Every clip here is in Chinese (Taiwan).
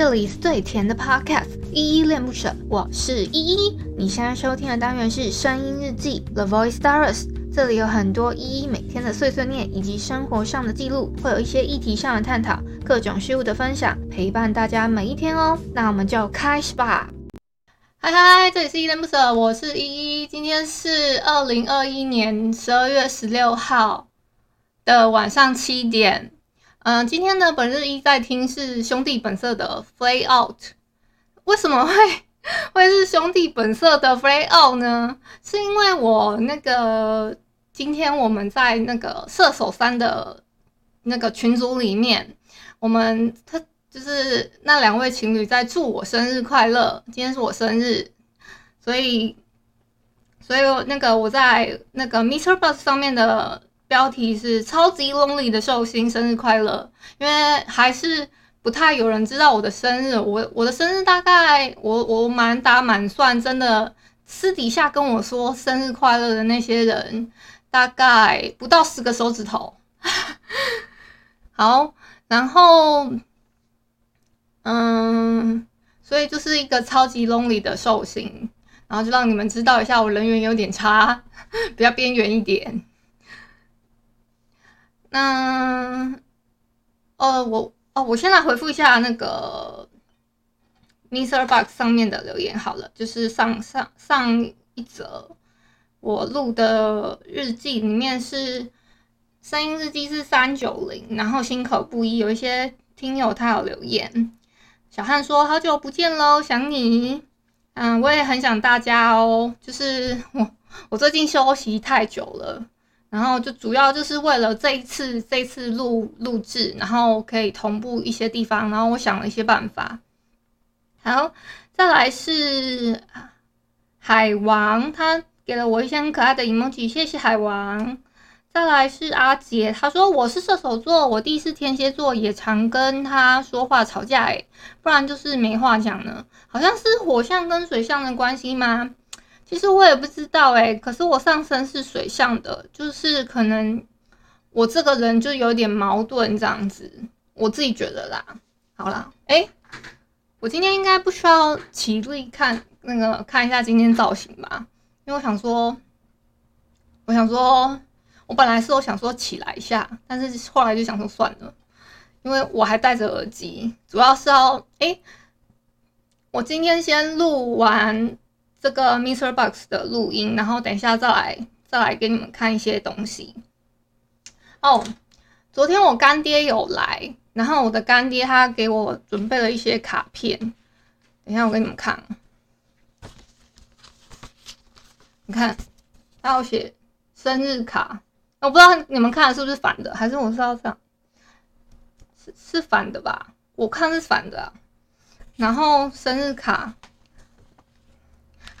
這裡是最甜的 Podcast，依依戀不捨，我是依依。你現在收聽的單元是聲音日記《The Voice Diaries》，這裡有很多依依每天的碎碎念，以及生活上的記錄，會有一些議題上的探討，各種事物的分享，陪伴大家每一天哦。那我們就開始吧。嗨嗨，這裡是依依戀不捨，我是依依。今天是二零二一年十二月十六號的晚上七點。嗯、呃，今天的本日依在聽是兄弟本色的《Fly Out》。為什麼會會是兄弟本色的《Fly Out》呢？是因為我那個今天我們在那個射手三的那個群組裡面，我們他就是那兩位情侶在祝我生日快樂。今天是我生日，所以所以那個我在那個 MixerBox 上面的。標題是“超級 lonely” 的壽星生日快樂，因為還是不太有人知道我的生日。我我的生日大概我，我我滿打滿算，真的私底下跟我說生日快樂的那些人，大概不到十個手指頭。 好，然後嗯，所以就是一個超級 lonely 的壽星，然後就讓你們知道一下我人緣有點差，比較邊緣一點。那，呃，我哦，我先來回復一下那個 MixerBox 上面的留言好了，就是上上上一則我錄的日記裡面是聲音日記是三九零，然後心口不一，有一些聽友他有留言，小漢說好久不見嘍，想你，嗯，我也很想大家哦，就是我我最近休息太久了。然後就主要就是為了這一次，這一次錄錄製，然後可以同步一些地方，然後我想了一些辦法。好，再來是海王，他給了我一些很可愛的 emoji，謝謝海王。再來是阿杰，他說我是射手座，我弟是天蠍座，也常跟他說話吵架，哎，不然就是沒話講呢。好像是火象跟水象的關係嗎？其實我也不知道誒、欸、可是我上身是水象的，就是可能我這個人就有點矛盾這樣子，我自己覺得啦。好啦，哎、欸，我今天應該不需要起立看那個看一下今天造型吧，因為我想說，我想說，我本來是我想說起來一下，但是後來就想說算了，因為我還戴着耳機，主要是要哎、欸，我今天先錄完。這個 MixerBox 的錄音，然後等一下再來再來給你們看一些東西。哦、oh,，昨天我乾爹有來，然後我的乾爹他給我準備了一些卡片，等一下我給你們看。你看，他要寫生日卡，我不知道你們看的是不是反的，還是我是要這樣，是是反的吧？我看是反的、啊。然後生日卡。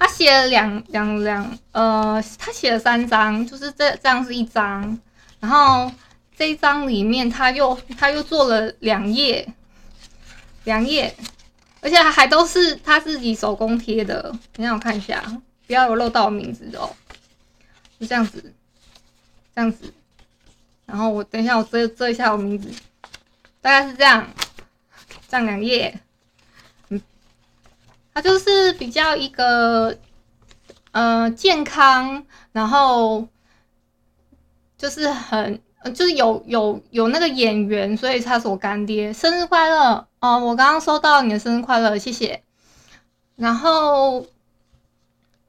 他寫了兩兩兩，呃，他寫了三張，就是這這樣是一張，然後這一張裡面他又他又做了兩頁，兩頁，而且還都是他自己手工貼的。等一下我看一下，不要有漏到我名字哦、喔。就這樣子，這樣子，然後我等一下我遮遮一下我名字，大概是這樣，這樣兩頁。他就是比較一個，嗯、呃，健康，然後就是很，就是有有有那個演員，所以他是我乾爹，生日快樂！哦，我剛剛收到你的生日快樂，謝謝。然後，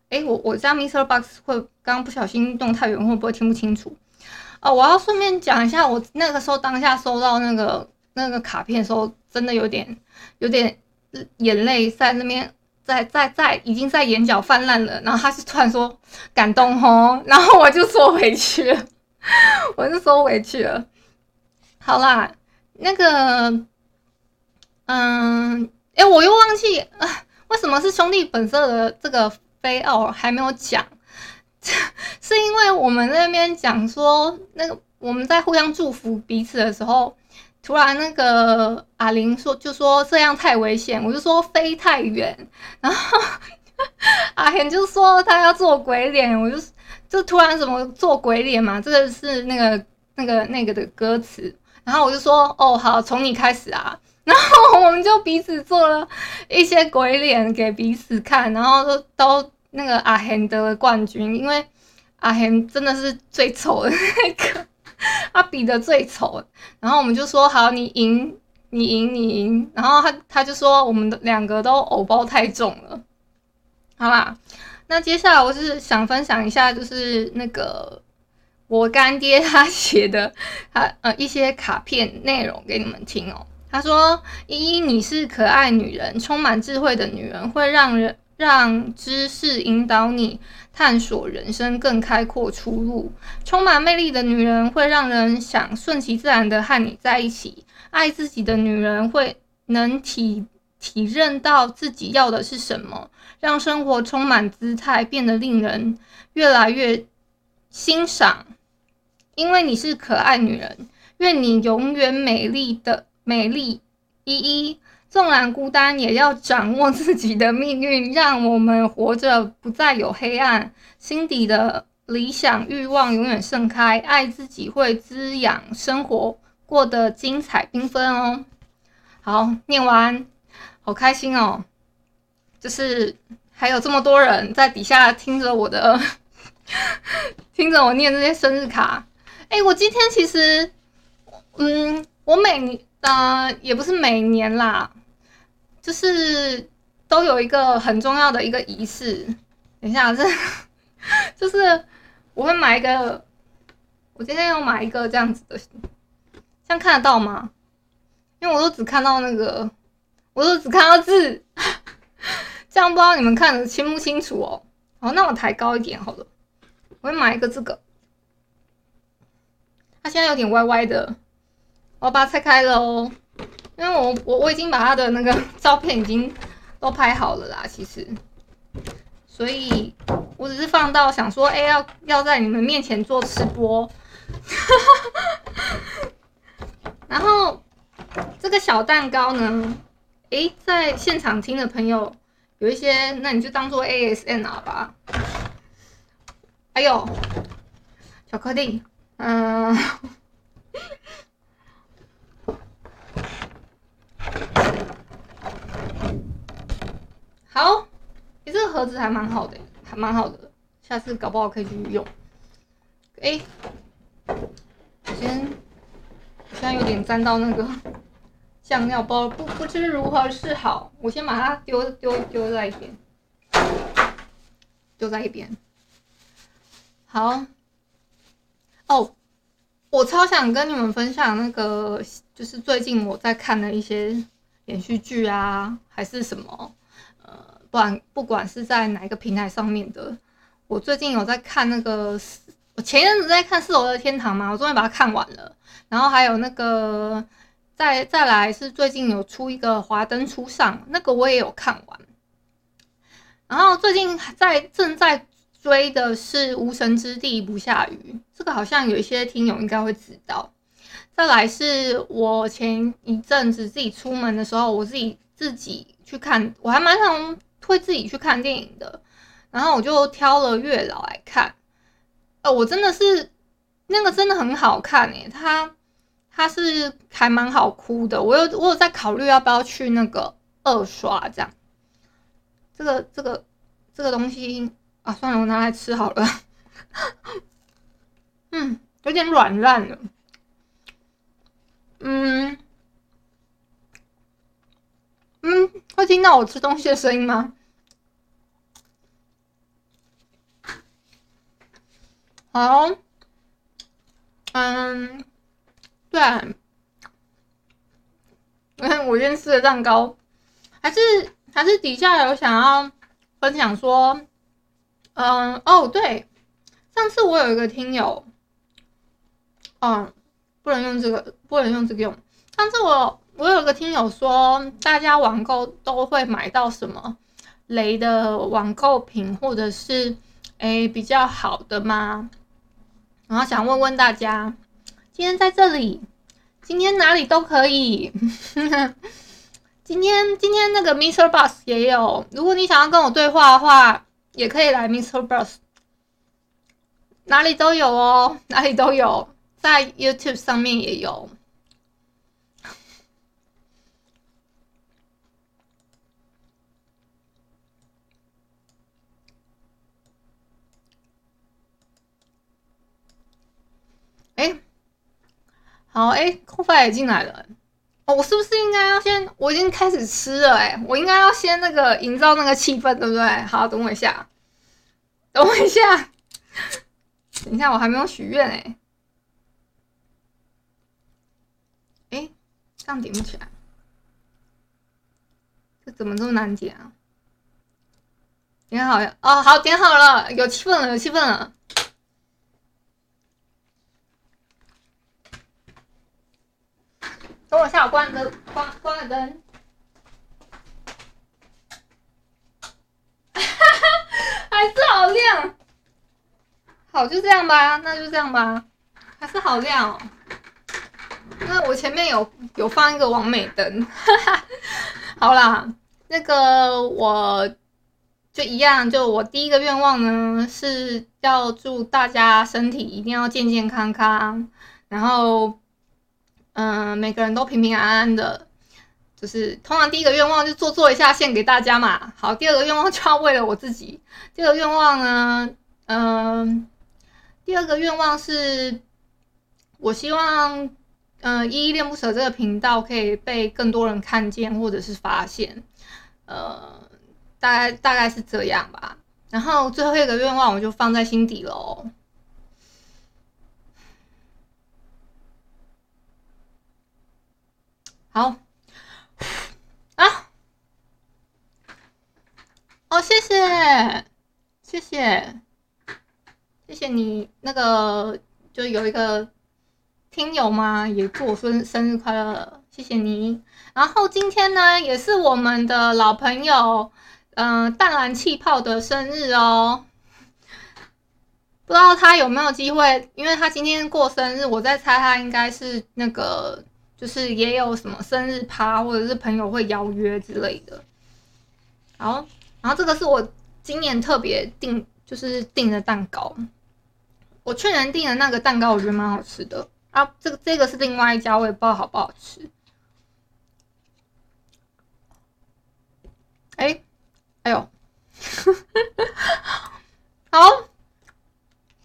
哎，我我這樣 MixerBox 會剛剛不小心動太遠，會不會聽不清楚？哦，我要順便講一下，我那個時候當下收到那個那個卡片的時候，真的有點有點。眼淚在那邊，在在在，已經在眼角泛濫了。然後他就突然說感動吼，然後我就縮回去了， 我就縮回去了。好啦，那個，嗯，哎、欸，我又忘記為什麼是兄弟本色的這個 FLY OUT 還沒有講， 是因為我們那邊講說，那個我們在互相祝福彼此的時候。突然，那個阿玲說，就說這樣太危險，我就說飛太遠。然後阿賢、啊、就說他要做鬼臉，我就就突然怎麼做鬼臉嘛？這個是那個那個那個的歌詞。然後我就說哦好，從你開始啊。然後我們就彼此做了一些鬼臉給彼此看，然後都都那個阿、啊、賢得了冠軍，因為阿、啊、賢真的是最醜的那個。他、啊、比的最醜，然後我們就說好你，你贏，你贏，你贏。然後他他就說，我們的兩個都偶包太重了，好啦。那接下來我是想分享一下，就是那個我乾爹他寫的他，他呃一些卡片內容給你們聽哦。他說：依依，你是可愛女人，充滿智慧的女人會讓人。讓知識引導你探索人生更開闊出路。充滿魅力的女人會讓人想順其自然的和你在一起。愛自己的女人會能體體認到自己要的是什麼，讓生活充滿姿態，變得令人越來越欣賞。因為你是可愛女人，願你永遠美麗的美麗依依。縱然孤單，也要掌握自己的命運，讓我們活着不再有黑暗。心底的理想欲望永遠盛開，愛自己會滋養生活，過得精彩繽紛哦。好，念完，好開心哦！就是還有這麼多人在底下聽着我的， 聽着我念這些生日卡。哎，我今天其實，嗯，我每年，呃，也不是每年啦。就是都有一個很重要的一個儀式，等一下這就是我會買一個，我今天要買一個這樣子的，這樣看得到嗎？因為我都只看到那個，我都只看到字，這樣不知道你們看得清不清楚哦。好，那我抬高一點好了，我會買一個這個，它現在有點歪歪的，我要把它拆開了哦。因為我我我已經把他的那個照片，已經都拍好了啦，其實，所以我只是放到想說，哎、欸，要要在你們面前做吃播， 然後這個小蛋糕呢，誒、欸，在現場聽的朋友有一些，那你就當做 ASMR 啊吧，還有巧克力。嗯、呃。 好，你、欸、這個盒子還蠻好的，欸，還蠻好的，下次搞不好可以去用。哎、欸，我先，我現在有點沾到那個醬料包，不不知如何是好，我先把它丟丢丟在一邊，丟在一邊。好，哦、oh.。我超想跟你們分享那個，就是最近我在看的一些連續劇啊，還是什麼，呃，不管不管是在哪一個平台上面的，我最近有在看那個，我前一陣子在看《四樓的天堂》嘛，我終於把它看完了。然後還有那個，再再來是最近有出一個《華燈初上》，那個我也有看完。然後最近在正在。追的是無神之地不下雨，這個好像有一些聽友應該會知道。再來是我前一陣子自己出門的時候，我自己自己去看，我還蠻想會自己去看電影的。然後我就挑了《月老》來看，呃，我真的是那個真的很好看誒、欸，它它是還蠻好哭的。我有我有在考慮要不要去那個二刷這樣，這個這個這個東西。啊，算了，我拿來吃好了。 嗯，有點軟爛了。嗯嗯，會聽到我吃東西的聲音嗎？好哦，嗯，對。我看我今天吃的蛋糕，還是還是底下有想要分享說。嗯哦，對，上次我有一個聽友，嗯，不能用這個，不能用這個用。上次我我有一個聽友說，大家網購都會買到什麼雷的網購品，或者是誒比較好的嗎？然後想問問大家，今天在這裡，今天哪裡都可以。呵呵今天今天那個 MixerBox 也有，如果你想要跟我對話的話。也可以來 MixerBox，哪裡都有哦，哪裡都有，在 YouTube 上面也有。哎、 欸，好哎，酷派也進來了。我是不是應該要先？我已經開始吃了哎、欸，我應該要先那個營造那個氣氛，對不對？好，等我一下，等我一下，等一下我還沒有許願哎，哎，這樣點不起來，這怎麼這麼難啊點啊、哦？點好了哦，好，點好了，有氣氛了，有氣氛了。等我下，我關個燈，關關個燈。哈哈，還是好亮。好，就這樣吧，那就這樣吧，還是好亮哦、喔。因為我前面有有放一個網美燈，哈哈。好啦，那個我就一樣，就我第一個願望呢，是要祝大家身體一定要健健康康，然後。嗯、呃，每個人都平平安安的，就是通常第一個願望就做做一下獻給大家嘛。好，第二個願望就要為了我自己。第二個願望呢，嗯、呃，第二個願望是，我希望，嗯、呃，依依戀不捨這個頻道可以被更多人看見或者是發現，嗯、呃，大概大概是這樣吧。然後最後一個願望我就放在心底嘍。好，啊，哦，謝謝，謝謝，謝謝你那個，就有一個聽友嘛，也祝我生生日快樂，謝謝你。然後今天呢，也是我們的老朋友，嗯、呃，淡藍氣泡的生日哦。不知道他有沒有機會？因為他今天過生日，我在猜他應該是那個。就是也有什麼生日趴，或者是朋友會邀約之類的。好，然後這個是我今年特別訂，就是訂的蛋糕。我去年訂的那個蛋糕，我覺得蠻好吃的啊。這個這個是另外一家，我也不知道好不好吃。哎，哎呦， 好，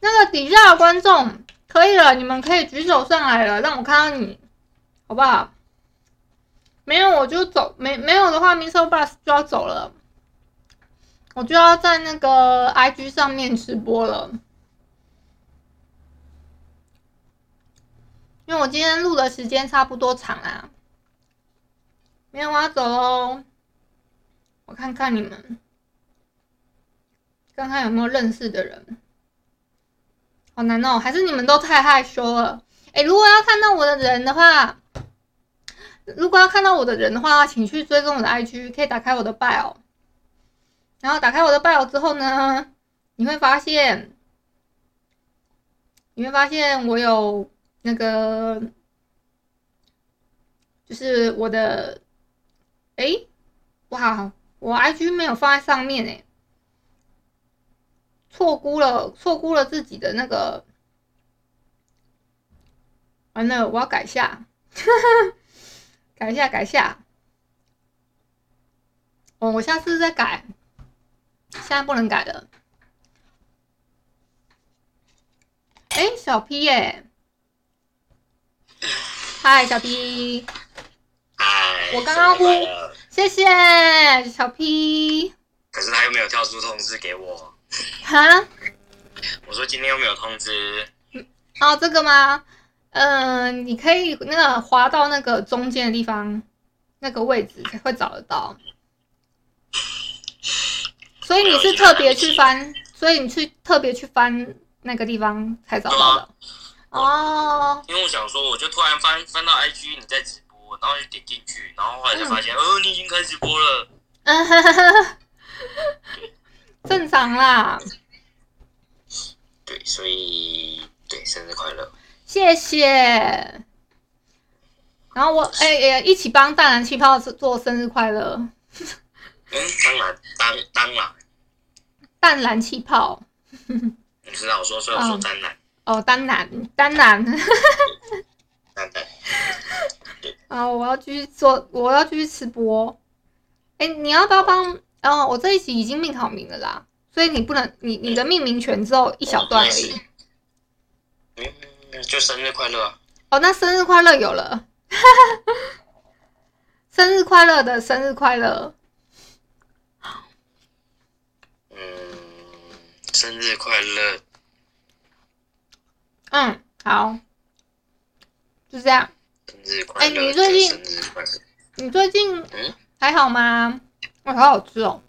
那個底下的觀眾可以了，你們可以舉手上來了，讓我看到你。好不好？沒有我就走，沒沒有的話 MixerBox 就要走了，我就要在那個 IG 上面直播了，因為我今天錄的時間差不多長啦，啊，沒有我要走嘍，哦，我看看你們，看看有沒有認識的人，好難哦，還是你們都太害羞了？哎、欸，如果要看到我的人的話。如果要看到我的人的話，請去追蹤我的 IG，可以打開我的 bio，然後打開我的 bio 之後呢，你會發現，你會發現我有那個，就是我的，哎、欸，哇，我 IG 沒有放在上面哎、欸，錯估了，錯估了自己的那個，完、啊、了，我要改一下。 改一、改一下，改一下。我下次再改。現在不能改了。哎，小 P 耶！嗨，小 P。嗨。我剛剛呼。謝謝小 P。可是他又沒有跳出通知給我。哈？我說今天又沒有通知。哦，這個嗎？嗯、呃，你可以那個滑到那個中間的地方，那個位置才會找得到。所以你是特別去翻，所以你去特別去翻那個地方才找到的。哦、啊。因為我想說，我就突然翻翻到 IG 你在直播，然後就點進去，然後後來就發現，哦、嗯呃，你已經開直播了。 正常啦。 對，所以對，生日快樂。謝謝，然後我哎也、欸欸、一起幫淡藍氣泡做生日快樂。淡、嗯、當然、啊，淡當然，淡藍氣泡。 你知道我說所我說說當然。哦，當然，當然。當 然、嗯。啊丹、 哦，我要繼續做，我要繼續吃播。哎，你要不要幫？哦，我這一集已經命好名了啦，所以你不能，你你的命名權只有一小段而已。嗯就生日快樂、啊、哦！那生日快樂有了， 生日快樂的生日快樂，嗯，生日快樂，嗯，好，就這樣。生日快樂、欸！你最近生日快樂？你最近還好嗎？哇、哦，好好吃哦！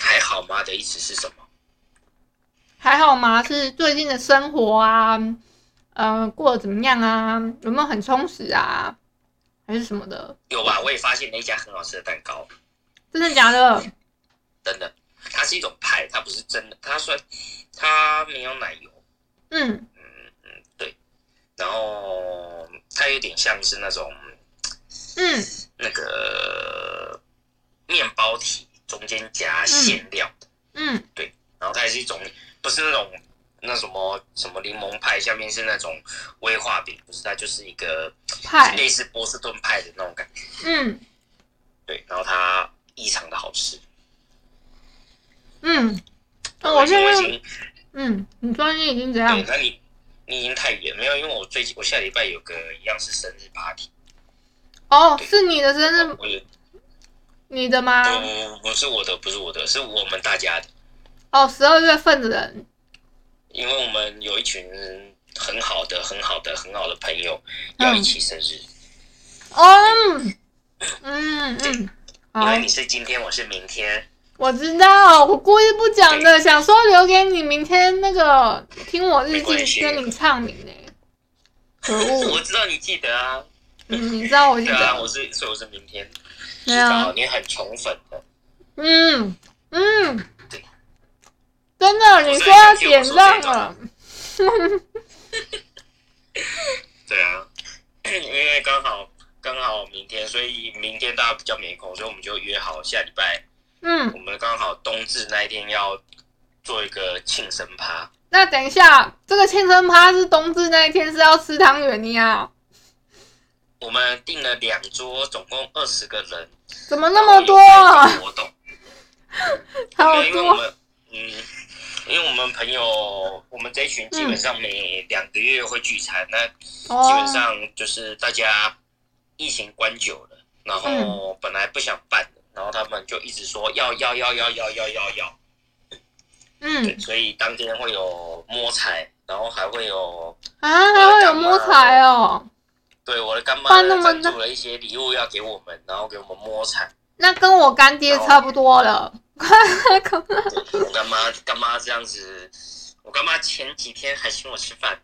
還好嗎的意思是什麼？還好嗎是最近的生活啊。嗯、呃，過得怎麼樣啊？有沒有很充實啊？還是什麼的？有吧，我也發現了一家很好吃的蛋糕。真的假的？真的。它是一種派，它不是真的，它算它沒有奶油。嗯嗯嗯，對。然後它有點像是那種嗯，那個麵包體中間加餡料嗯。嗯，對。然後它是一種，不是那種，那什麼什麼檸檬派，下面是那種威化餅，不是、啊？它就是一個派，類似波士頓派的那種感覺。嗯，對，然後它異常的好吃。嗯，啊、我現在，啊、現在已經嗯，你專業已經怎樣？對，你你已經太遠，沒有，因為我最近我下禮拜有個一樣是生日 party 哦。哦，是你的生日？你的嗎？不不不，不是我的，不是我的，是我們大家的。哦，十二月份的人。因為我們有一群很好的、很好的、很好的朋友要一起生日。哦、嗯，嗯嗯，嗯，因為你是今天，我是明天。我知道，我故意不講的，想說留給你明天那個聽我日記，跟你唱明天。可惡！ 我知道你記得啊，嗯、你知道我記得，我是說我是明天。對有、啊。你很寵粉的。嗯嗯。點亮啊， 對啊， 因為剛好剛好明天，所以明天大家比較沒空，所以我們就約好下禮拜，嗯，我們剛好冬至那一天要做一個慶生趴。那等一下，這個慶生趴是冬至那一天是要吃湯圓的啊？我們訂了兩桌，總共二十個人，怎麼那麼多啊？我懂， 好多，嗯。因為我們朋友，我們這群基本上每兩個月會聚餐，嗯，那基本上就是大家疫情關久了，哦、然後本來不想辦，嗯，然後他們就一直說要要要要要要要，嗯，所以當天會有摸彩，然後還會有啊，還會有摸彩哦，對，我的乾媽贊助了一些禮物要給我們，然後給我們摸彩，那跟我乾爹差不多了。快 哭我乾媽，乾媽這樣子，我乾媽前幾天還請我吃飯。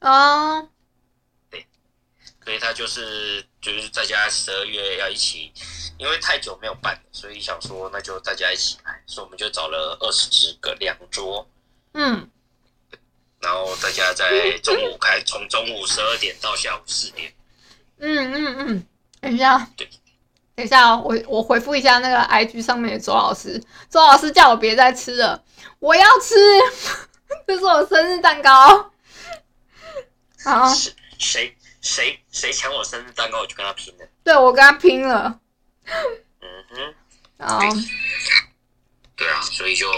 哦、oh。對，所以他就是就是大家十二月要一起，因為太久沒有辦，所以想說那就大家一起來，所以我們就找了二十個，兩桌。嗯。然後大家在中午開，從中午十二點到下午四點。嗯嗯嗯，嗯嗯對等一下，哦，我我回復一下那個 I G 上面的周老師，周老師叫我別再吃了，我要吃，這 是我生，我生日蛋糕。好，誰誰誰搶我生日蛋糕，我就跟他拼了。對，我跟他拼了。嗯哼，對，對啊，所以就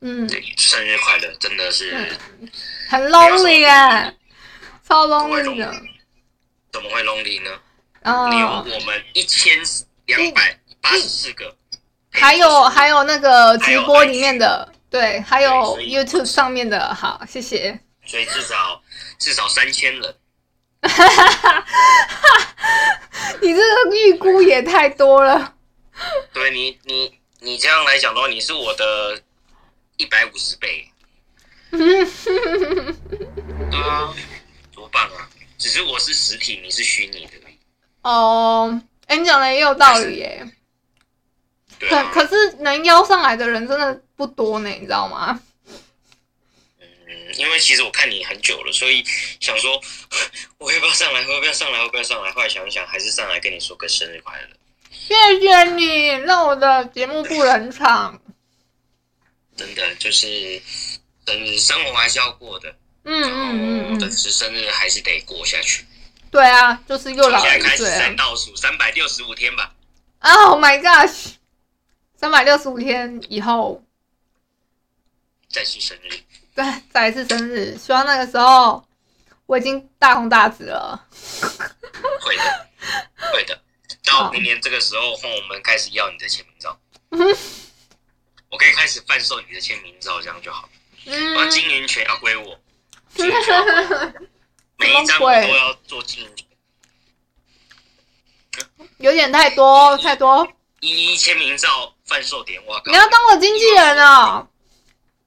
嗯，生日快樂，真的是很 lonely 耶，超 lonely 的，怎麼會，會 lonely 呢？有我們一千兩百八十四個、嗯嗯，還有還有那個直播裡面的，對，還有 YouTube 上面的，好，謝謝。所以至少至少三千人， 你這個預估也太多了。對，你你你這樣來講的話，你是我的一百五十倍。 對啊，多棒啊！只是我是實體，你是虛擬的。哦，欸，你講的也有道理耶。可可是能邀上來的人真的不多呢，你知道嗎？嗯，因為其實我看你很久了，所以想說，我，要不要上來？要不要上來？要不要上來？後來，我要來，我想一想，還是上來跟你說個生日快樂。謝謝你讓我的節目不冷場。真的，就是生日生活還是要過的。嗯嗯嗯嗯，但是生日還是得過下去。對啊，就是又老一歲了。衰。現在開始在倒數三百六十五天吧。啊，Oh my gosh，三百六十五天以後，再次生日。對，再一次生日，希望那個時候我已經大紅大紫了。會的，會的。到明年這個時候，我們開始要你的簽名照。 我可以開始販售你的簽名照，這樣就好。嗯，把經營權要歸我。全全 每一張都要做經營，有點太多太多。一一簽名照販售點，哇！你要當我經紀人啊，喔？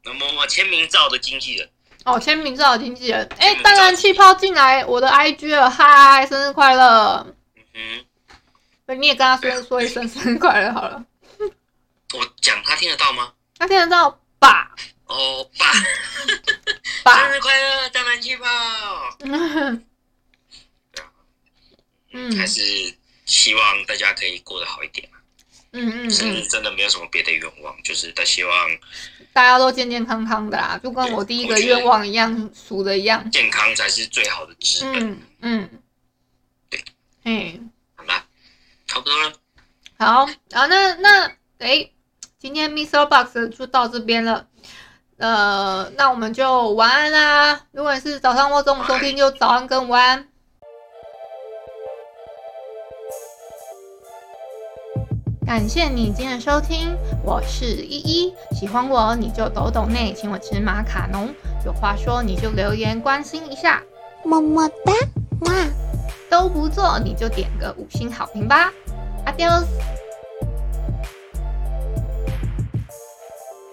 能不能簽名照的經紀人？哦，簽名照的經紀人。哎，欸欸，當然氣泡進來，我的 IG 了，嗨，生日快樂！嗯哼，那你也跟他說說一聲生日快樂好了。 我講他聽得到嗎？他聽得到吧？歐、哦、爸，爸生日快樂，大滿去吧！嗯，還是希望大家可以過得好一點。嗯嗯，嗯真的沒有什麼別的願望，就是但希望大家都健健康康的啦，就跟我第一個願望一樣，數的一樣。健康才是最好的資本。嗯嗯對，好吧好啦，好了好啊，那那哎、欸，今天 MixerBox 就到這邊了。呃，那我們就晚安啦，啊。如果是早上或中午收聽，就早安跟午安。感謝你今天的收聽，我是依依。喜歡我你就抖抖內，請我吃馬卡龍。有話說你就留言關心一下，麼麼噠哇。都不做，你就點個五星好評吧。阿丟。